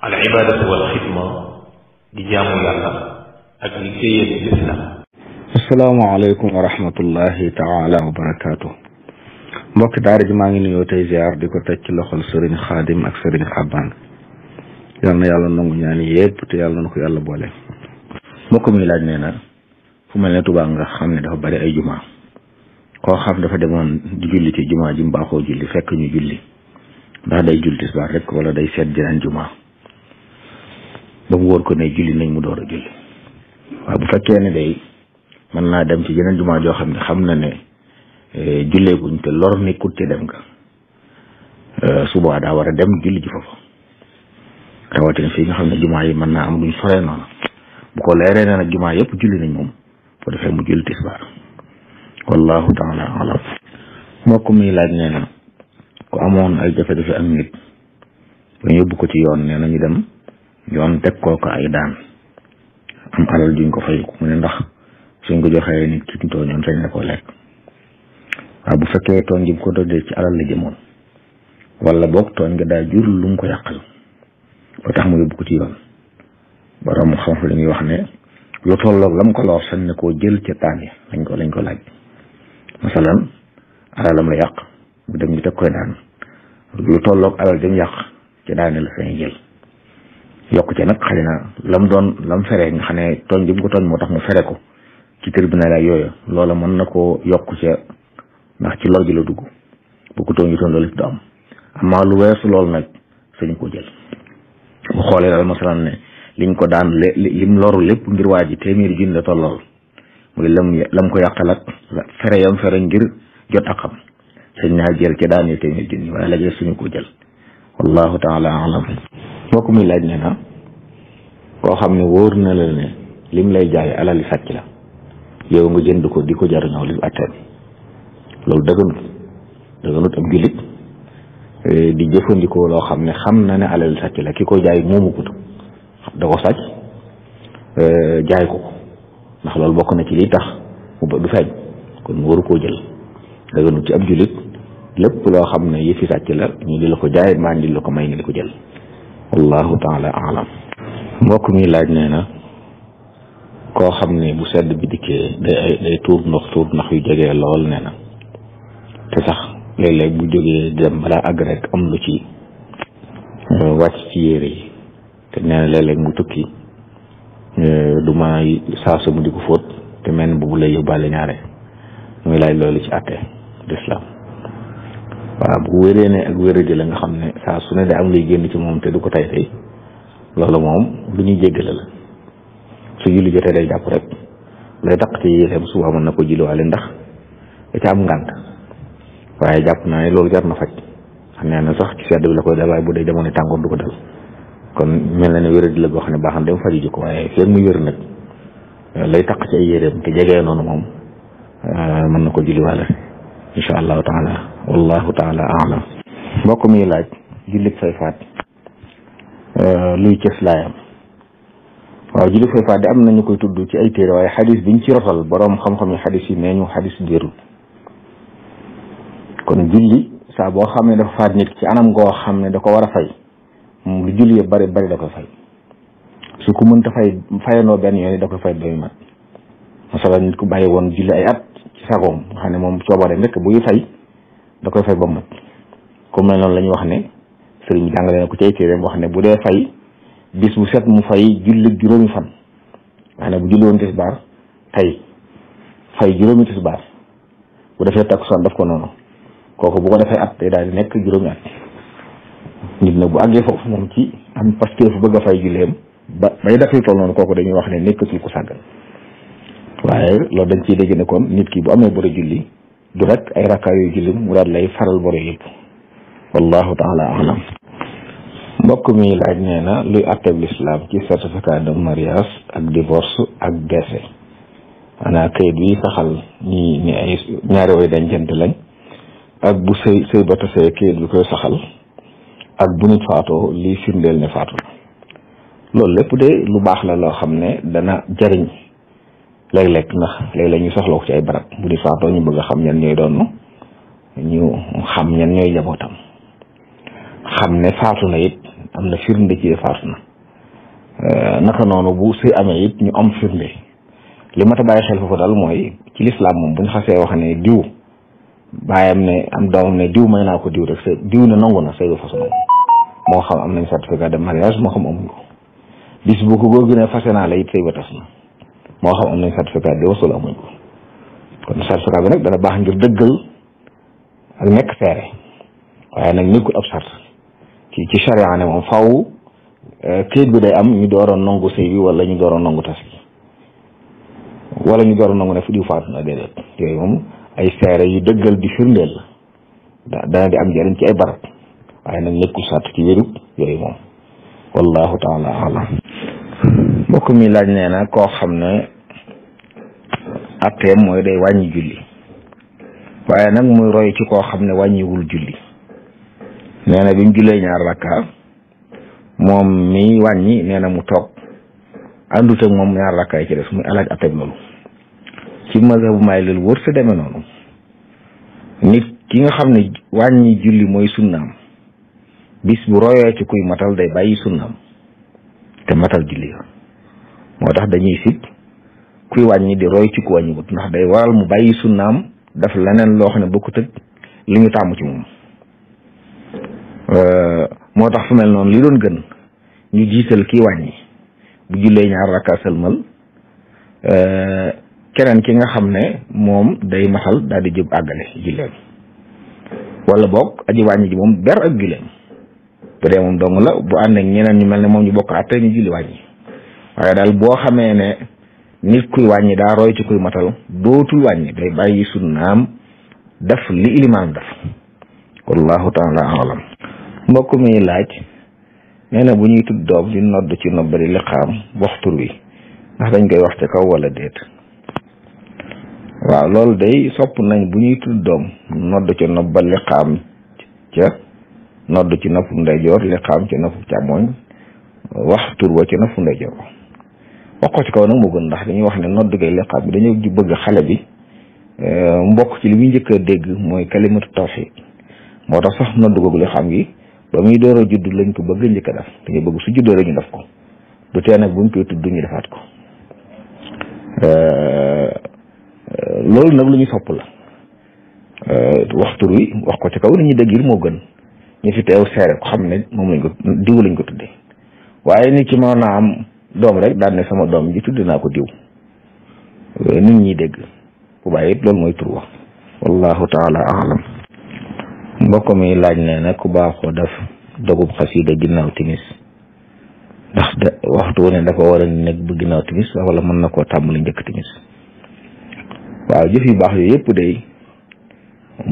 al ibaadatu wal xidma di jaamu yàlla ak liggéeyal lislaam asalaamaaleykum wa rahmatullahi maa ngi nuyoo tey di ko teg ci loxol sëriñ xaadim ak sëriñ xabbaan yal na yàlla nangu ñaan yépp te yàlla na ko yàlla boole mbokk mi laaj nee na fu mel ne Tuubaa nga xam ne dafa bari ay jumaa koo xam dafa demoon di julli ci jumaa ji mbaaxoo julli fekk ñu julli ndax day julli tisbaar rek wala day seet jeneen jumaa ba mu wóor ko ne julli nañ mu door a julli waaw bu fekkee ne day mën naa dem ci yeneen jumaa joo xam ne xam na ne eh, julleeguñ te lor nekkut ci dem ga eh, suba daa war a dem julli ji foofu rawatina fii nga xam ne jumaa yi mën naa am duñ soree noonu bu ko leeree ne nag jumaa yëpp julli nañ moom bu defee mu julli tisbaar wallahu taala alam mbokk mi laaj nee ku amoon ay jafe-jafe ak nit ba yóbbu ko ci yoon nee na dem yoon teg kooku ay daan am alal juñ ko fay mu ne ndax suñ ko joxee nit ki ñu tooñoon sañ na koo lekk waaw bu fekkee tooñ jëm ko dodee ci alal la jëmoon wala boog tooñ nga daal jur lum ko yàqal tax mu yóbbu ci yoon borom xam-xam li ñuy wax ne lu tolloog lam ko lor sañ na koo jël ca taan yi lañ ko lañ ko laaj masalan alalam la yàq bu dem ñu teg koy daan lu tolloog alal jëm yàq ci daane la sañ jël yokk ca nag xëy na la doon la mu feree nga xam ne tooñ bi mu ko moo tax mu fere ko ci tribunal ak yooyu loola mën na koo yokk ca ndax ci lool ji la dugg bu ko tooñ itoon loolu du lu weesu loolu nag sañ koo jël bu xoolee daal masalan ne liñ ko daan lim lépp ngir waa ji téeméeri junni la tollool mu di lam lam ko yàqal ak fere yam fere ngir jot ak xam sañ naa jël ca daanee téeméeri junni waaye la suñu ko jël wallahu taala alam kooku muy laaj ne na koo xam ne wóor na la ne lim lay jaay alali sàcc la yow nga jënd ko di ko jariñoo li atteem loolu dëgganut dëgganut ab jullit e, di jëfandikoo loo xam ne xam na ne alali sàcc la ki ko jaay moomu ko da ko sàcc e, jaay ko ndax loolu bokk na ci liy tax mu ba du feeñ kon mu waru koo jël dëgganut ci ab jullit lépp loo xam ne yëfi sàcc la ñu di la ko jaay maa di la ko may nga di ko jël wallahu taala alam mbokk mi laaj nee na koo xam ne bu sedd bi dikkee day day tuur ndox tuur ndox yu jege lool nee na te sax léeg-léeg bu jógee dem balaa àgg rek am lu ci euh, wàcc ci yére yi te nee na léeg mu tukki euh, du ma saasu mu di fóot te mel bu boobu lay yóbbaale ñaare muy laaj loolu ci àtte lislaam waaw bu wéree ne ak wéradi la nga xam ne saa su ne da am luy génn ci moom te du ko tay tay loolu moom lu ñuy jéggale la su julli jotee day jàpp rek lay daq ci yéexeem suba na ko julliwaale ndax da ca am jàpp naa ne loolu jar na xam nee na sax ci bi la koy dal waaye bu dee jamono tàngoor du dal kon mel na ne wér di boo xam ne baax na dem ji ko waaye feeg muy wér nag lay taq ci ay yéreem te jegee moom mën na ko julliwaale insha allahu taala wallahu taala alam mbokk mi laaj jullit fay faat euh, luy cës laayam waaw jullit fay faat di am nañu koy tudd ci ay téere waaye xadis biñ ci rotal boroom xam-xam yi xadis yi nee ñu xadis wérul kon julli saa boo xam ne dafa faat nit ci anam goo xam ne da ko war a fay moom lu julli bari bari da koy fay su ko mënta fay fayandoo benn yooyu da koy fay doy mat masalan nit ku bàyyi woon julli ay at ci sagoom nga ne moom coobareem rekk buy fay da koy fay ba mat ku mel noonu wax ne sëriñ bi jàngale ko cay téeréem wax ne bu dee fay bis bu set mu fay jullit juróomi fan maanaam bu julli woon tisbaar tey fay juróomi tisbaar bu defee takkusaan daf ko noonu kooku bu defee at day daal di nekk juróomi at nit nag bu moom ci am pasteur fu bëgg fay julleem ba bay daf yu kooku dañuy wax ne nekkatul ko sàggan waaye loolu dañ ciy dégg nekkoon nit ki bu amee boro julli du rek ay rakkaa yooyu julli mu daal lay faral boro yëpp wallahu taala alam mbokk mi laaj nee na luy atteb lislaam ci certificat de mariage ak divorce ak décès maanaam kayit bi saxal ñi ni ay ñaari way dencante lañ ak bu sëy sëy ba kayit bi koy saxal ak bu nit faatoo lii firndeel ne faatu na loolu lépp de lu baax la loo xam ne dana jariñ léeg lekk ndax léeg lañuy ñu soxla ko ci ay barab bu nit faatoo ñu bëgg xam ñan ñooy doonu ñu xam ñan ñooy jabootam xam ne faatu na it am na firnde ci faatu na euh, naka noonu bu si amee it ñu am firnde li ma ta bàyyi xel foofu mooy ci lislaam moom bu ñu xasee wax ne diw bàyyam ne am doomam ne diw may naa ko diw rek sa diw ne nangu na say fas nangu moo xam am nañ certificat de mariage moo xam naa la it moo xam am nañ certificat de wasul amuñ ko kon certificat bi nag dana baax ngir dëggal ak nekk seere waaye nag nekkul ab sart ci ci charia moom faw euh, këyit bi day am ñu door a nangu sëy bi wala ñu door a nangu tas bi wala ñu door a ne fu faatu na déedéet yooyu moom ay seere yu dëggal di firndeel dana di am njëriñ ci ay barab waaye nag nekkul sàtt ci wérub yooyu moom wallahu taala alam mbokk mi laaj nee koo xam ne atteem mooy day wàññi julli waaye nag muy roy ci koo xam ne wàññiwul julli nee na bi ñu jullee ñaar rakka moom mi wàññi nee na mu toog àndut ak moom ñaar rakka yi ci des muy alaaj ateb loolu ci mazhabu maay loolu wër sa demee noonu nit ki nga xam ne wàññi julli mooy sunnaam bis bu royee ci kuy matal day bàyyi sunnaam te matal julli moo tax dañuy sit kuy wàññi di roy ci ku wàññiwut ndax day waral mu bàyyi sunnaam daf leneen loo xam ne bokkut ak li ñu tàmm ci moom Euh, moo tax fu mel noonu li doon gën ñu jiital kii wàññi bu jullee ñaar rakka sëlmal euh, keneen ki nga xam ne moom day matal daal di jub àggale julleem wala boog aji wàññi ji moom ber ak julleem bu dee moom dong la bu ànd ak ñeneen ñu mel ne moom ñu bokk àtte ñu julli wàññi waaye daal boo xamee ne nit kuy wàññi daa roy ci kuy matal dootul wàññi day bàyyi sunnaam def li ilimaam def wallahu taala alam mbokk mi laaj nee na bu ñuy tudd doom di nodd ci nobbali li xaam tur wi ndax dañ koy wax ci kaw walla déet waaw loolu de sopp nañ bu ñuy tudd doom nodd ci nobbal li xaam ca nodd ci nopp ndeyjoor li xaam ci nopp càmmoñ tur wa ci nopp ndeyjoor wax ko ci kaw nag moo gën ndax dañuy wax ne nodd gay li xaam bi dañoo bëgg xale bi eh, mbokk ci li muy njëkk a dégg mooy kalimatu tawxiid moo tax sax nodd googu li xaam ba muy door a judd lañ ko bëgg njëkk a def dañu bëgg su juddoo rek ñu def ko du tee nag buñ koy tudd ñu defaat ko euh, loolu nag lu ñu sopp la euh, waxtu wi wax ko ci kaw ni ñu dëggir moo gën ñu fi teew seere ko xam ne moom lañ ko diw lañ ko tuddee waaye nit ci mën naa am doom rek daan sama doom ji tudd naa ko diw euh, nit ñi dégg bu bàyyi it loolu mooy tur wax wallahu taala alam mbokk mi laaj ne nag ku baaxoo daf dogub xasida ginnaaw timis ndax de waxtu wu ne dafa war a nekk bu ginnaaw timis mën na koo tàmbali njëkk timis waaw jëf yu baax yooyu yëpp day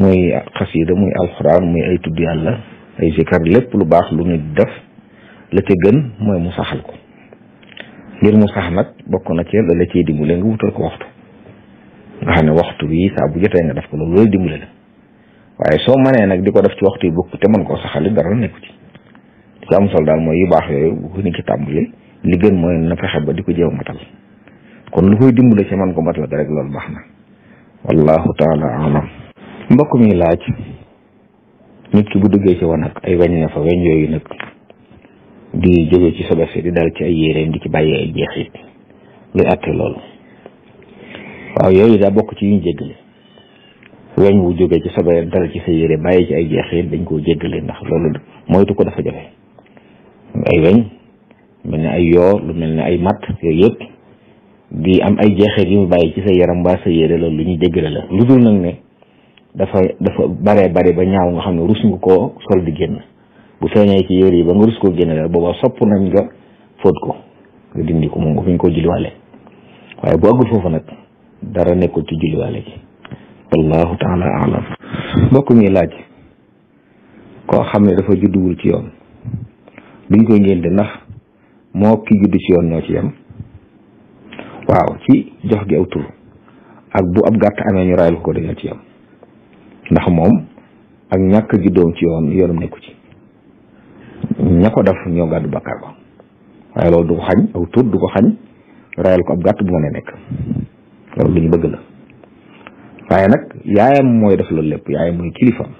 muy xasida muy alxuraan muy ay tudd yàlla ay zikar lépp lu baax lu nit def la ca gën mooy mu saxal ko ngir mu sax nag bokk na ci la la cee dimbale nga wutal ko waxtu nga xam ne waxtu bii saa bu jotee nga def ko loolu lay dimbale la waaye soo manee nag di ko def ci waxtu yi bokk te man koo saxali dara nekku ci ci am solo daal mooy yu baax yooyu bu ko nit ki tàmbali li gën mooy na fexe ba di ko jéem matal kon lu koy dimbale ci man ko matal rek loolu baax na wallahu taala alam mbokk mi laaj nit ki bu duggee ci wanag ay weñ ne fa weñ yooyu nag di jóge ci sobe si di dal ci ay yéreem di ci bàyyi ay jeexit luy àtte loolu waaw yooyu daa bokk ci yuñ jéggale weñ wu jógee ci sa bayal dal ci sa yére bàyyi ci ay jeexit dañ koo jéggale ndax loolu mooytu ko dafa jafe ay weñ mel ne ay yoo lu mel ni ay matt yooyu yëpp di am ay jeexit yu mu bàyyi ci sa yaram mbaa sa yére loolu lu ñuy jéggale la lu dul nag ne dafa dafa baree bare ba ñaaw nga xam ne rus nga koo sol di génn bu feeñee ci yére yi ba nga rus koo génn la booba sopp nañ nga fóot ko nga dindi ko moom nga fi ñu ko julliwaale waaye bu àggul foofu nag dara nekkul ci julliwaale gi wallahu taala alam laaj koo xam ne dafa judduwul ci yoon duñ koy ngénte ndax moo ki juddu ci yem waaw ci jox gi aw tur ak bu ab gàtt amee ñu rayal ko dañoo ci yem ndax moom ak ñàkk juddoom ci yoon yoonam nekku ci ña ko def ñoo gàddu bakkaar ba waaye loolu du ko xañ aw tur du ko xañ rayal ko ab gàtt bu mën nekk loolu bëgg la waaye nag yaayam mooy def loolu lépp yaayam mooy kilifaam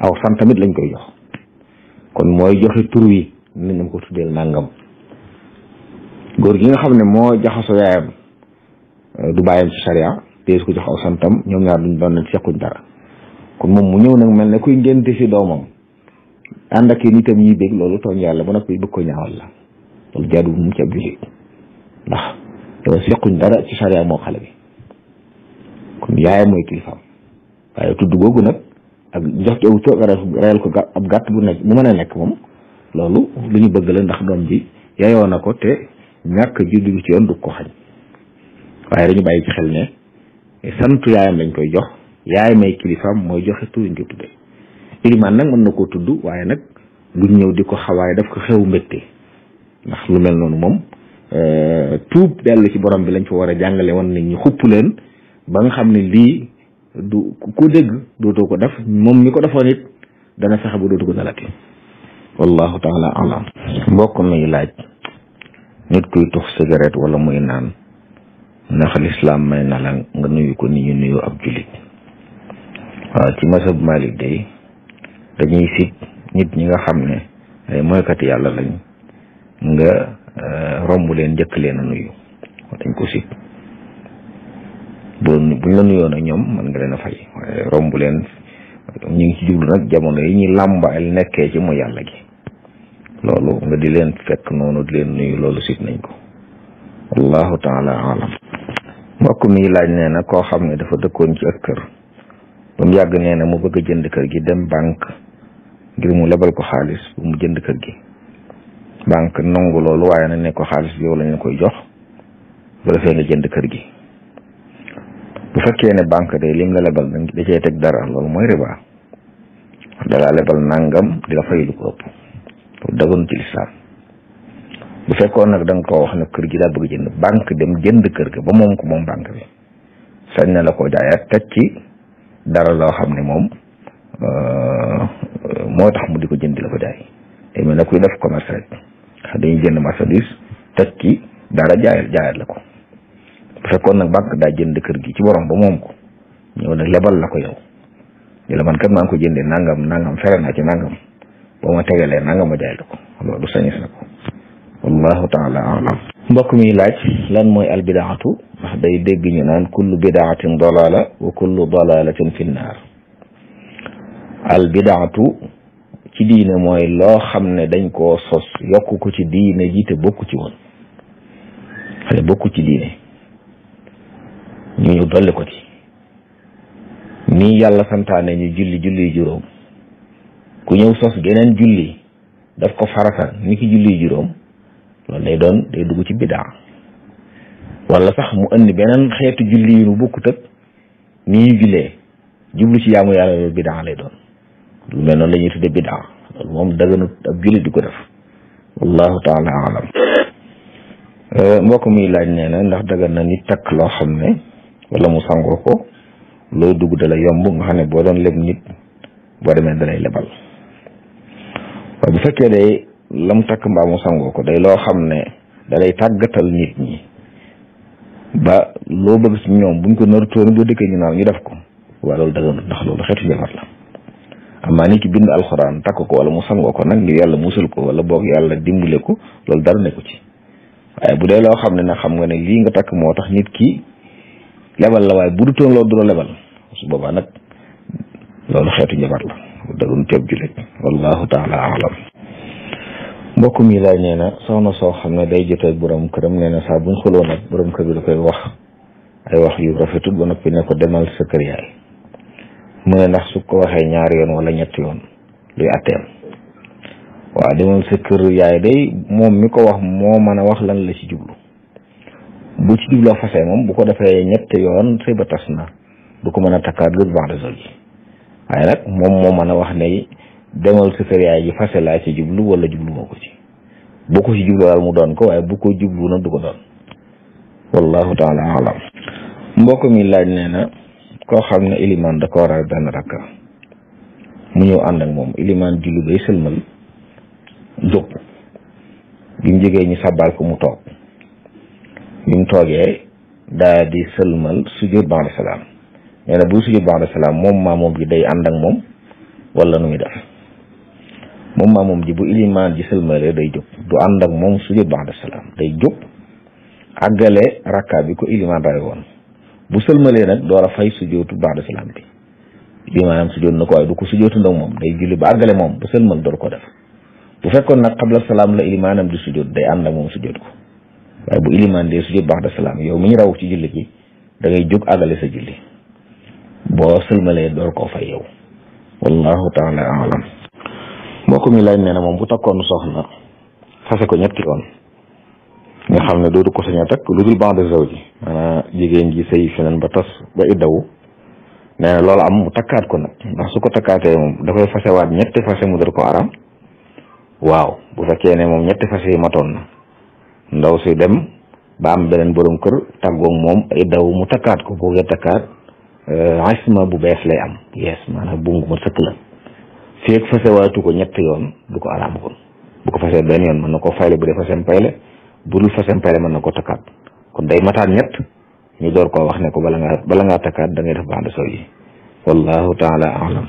aw sant tamit lañ koy jox kon mooy joxe tur wi nañu ko tuddeel nangam góor gi nga xam ne moo jaxasoo yaayam euh, du bàyyam ci sariya dee su ko jox aw santam ñoom ñaar duñ doon nañ sequñ dara kon moom mu ñëw nag mel ne kuy ngénte si doomam ànd ak nitam ñuy bég loolu tooñ yàlla ba noppi bëgg ko ñaawal la loolu jaadu mu dara ci sariya moo xale bi kon yaayam mooy kilifaam waaye tudd googu nag ak jox ko toog reyal ko gàtt bu nekk bu mën nekk moom loolu lu ñu bëgg la ndax doom bi yayoo na ko te ñàkk juddu gi ci yoon du ko xañ waaye dañu bàyyi ci lañ koy jox yaay may mooy joxe tur ñu tudde ilimaan koo tudd waaye nag duñ ñëw di ko xawaay daf ko xew mbégte ndax lu mel noonu moom euh, tuub dellu ci borom bi lañ fa war a jàngale woon nañ ñu xupp leen ba nga xam ne lii du ku dégg dootoo ko def moom mi ko defoon it dana fexe ba dootu ko dalati wallahu taala alam mbokk mi laaj nit kuy tux cigarette wala muy naan ndax lislaam may na la nga nuyu ko ni ñu nuyu ab julit waaw ci masab Malik day dañuy sit nit ñi nga xam ne ay moykat yàlla lañ nga eh, romb leen njëkk leen a nuyu dañ ko sit doon buñ la nuyoo ñoom mën nga leen a fay rombu leen ñu ngi ci jublu nag jamono yi ñuy làmbaal nekkee ci mu yàlla gi loolu nga di leen fekk noonu di leen nuyu loolu sit nañ ko wallahu taala alam mbokk mi laaj nee na koo xam ne dafa dëkkoon ci ak kër ba mu yàgg nee na mu bëgg a jënd kër gi dem banque ngir mu lebal ko xaalis bu mu jënd kër gi banque nangu loolu waaye na ne ko xaalis bi yow lañ la koy jox bu defee nga jënd kër gi bu fekkee ne banque day lim la lebal da cee teg dara loolu mooy riba dala nangam di la fay lu ko ëpp loolu dagoon ci lislaam bu fekkoon nag da nga koo wax ne kër gi daa bëgg jënd banque dem jënd kër gi ba moom ko moom banque bi sañ na la ko jaayaat teg ci dara loo xam ne moom euh, moo tax mu di ko jënd di la ko jaay te mel na kuy def commerce rek dañuy jënd marchandise teg ci dara jaayal jaayat la ko bu fekkoon nag banque daa jënd kër gi ci borom ba moom ko ñëw nag lebal la ko yow ñu man kat maa ngi ko jëndee nangam nangam fere naa ci nangam boo ma tegalee nangam ma jaay la ko loolu sañis na taala alam mbokk mi laaj lan mooy al bidaatu ndax day dégg ñu naan kullu bidaatin dalaala wa kullu dalaalatin fi nnaar al ci diine mooy loo xam ne dañ ko sos yokk ko ci diine ji te bokku ci woon xale bokku ci diine ñu ñëw dolli ko ci nii yàlla santaane ñu julli julli juróom ku ñëw sos geneen julli daf ko farata ni ki julli juróom loolu day doon day dugg ci bidaa wala sax mu andi beneen xeetu julli yu bokkut ak ni ñuy jullee jublu ci yaamu yàlla loolu lay doon lu mel noonu la ñuy tudde bidaa loolu moom daganut ab julli di ko def wallahu taala alam eh, mbokk muy laaj nee na ndax dagan na nit takk loo xam ne wala mu sangoo ko loo dugg dala yomb nga xam ne boo doon leb nit boo demee dalay lebal waaye bu fekkee day lam takk mbaa mu sangoo ko day loo xam ne dalay tàggatal nit ñi ba loo bëgg si ñoom buñ ko narutoon boo dëkkee ñu naaw ñu def ko waaye loolu daganu ndax loolu xeetu njabar la amaa ki bind alxuraan takk ko wala mu sangoo ko nag ngir yàlla musal ko wala boog yàlla dimbale ko loolu dara nekku ci waaye bu dee loo xam ne nag xam nga ne lii nga takk moo tax nit ki lebal la waaye bu dutoon loolu du la lebal boobaa nag loolu xeetu njabar la darun teeb jullit wallahu taala alam mbokk mi laaj nee na soxna soo xam ne day jotee borom këram nee na saa buñ xuloo nag borom kër bi da koy wax ay wax yu rafetut ba noppi ne ko demal sa yaay mu ne ndax su ko waxee ñaari yoon wala ñetti yoon luy atteem waaw demal sa yaay day moom mi ko wax moo mën a wax lan la ci jublu bu ci jubloo fasee moom bu ko defee ñett yoon sëy tas na du ko mën a takkaat lu baax de waaye nag moom moo mën a wax ne demal sa kër yaay ji fase laa ci jublu wala jublu moo ko ci bu ko ci jublu daal mu doon ko waaye bu ko jublu nag du ko doon wallahu taala alam mbokk mi laaj nee na koo xam ne ilimaan da ko war a benn rakka mu ñëw ànd ak moom ilimaan julli bay sëlmal jóg bi mu jógee ñu sàbbaal ko mu toog bi mu toogee daa di sëlmal sujjóot ba'da salaam nee na buy sujjóot ba'da salaam moom maa maamoom ji day ànd ak moom wala nu muy def moom moom ji bu ilimaan ji sëlmalee day jóg du ànd ak moom sujjóot ba'da salaam day jóg àggale rakka bi ko ilimaan ray woon bu nag door a fay sujjóotu ba'da salaam bi bi maanaam sujjóot na ko waaye du ko sujjóotu nag moom day julli ba àggale moom bu sëlmal door ko def bu fekkoon nag xabla salaam la ilimaanam di sujjóot day ànd ak moom sujjóot ko waaye bu ilimaan dee sujjóot baax da salaam yow mi ñu raw ci julli gi da ngay jóg àggale sa julli boo sëlmalee door koo fay yow wallahu taala alam mbokk mi laaj nee na moom bu takkoon soxna fase ko ñetti yoon nga xam ne dootu ko sañ a takk lu dul baax de zaw jigéen ji sëy feneen ba tas ba iddawu nee na loolu am mu takkaat ko nag ndax su ko takkaatee moom da koy fasewaat ñetti fase mu door ko aram waaw bu fekkee ne moom ñetti fase yi matoon na ndaw si dem ba am beneen borom kër tàggoog moom iddaw mu takkaat ko boo koy takkaat asma euh, bu bees lay am yees maanaam bungu ma sëkk la feeg fasewaatu ko ñett yoon du ko araam kon bu ko fasee benn yoon mën na koo fayle bu dee fasem payle bu dul fasem payle mën na ko takkaat kon day mataat ñett ñu door ko wax ne ko bala ngaa bala ngaa takkaat da ngay def bande soo yi wallahu taala alam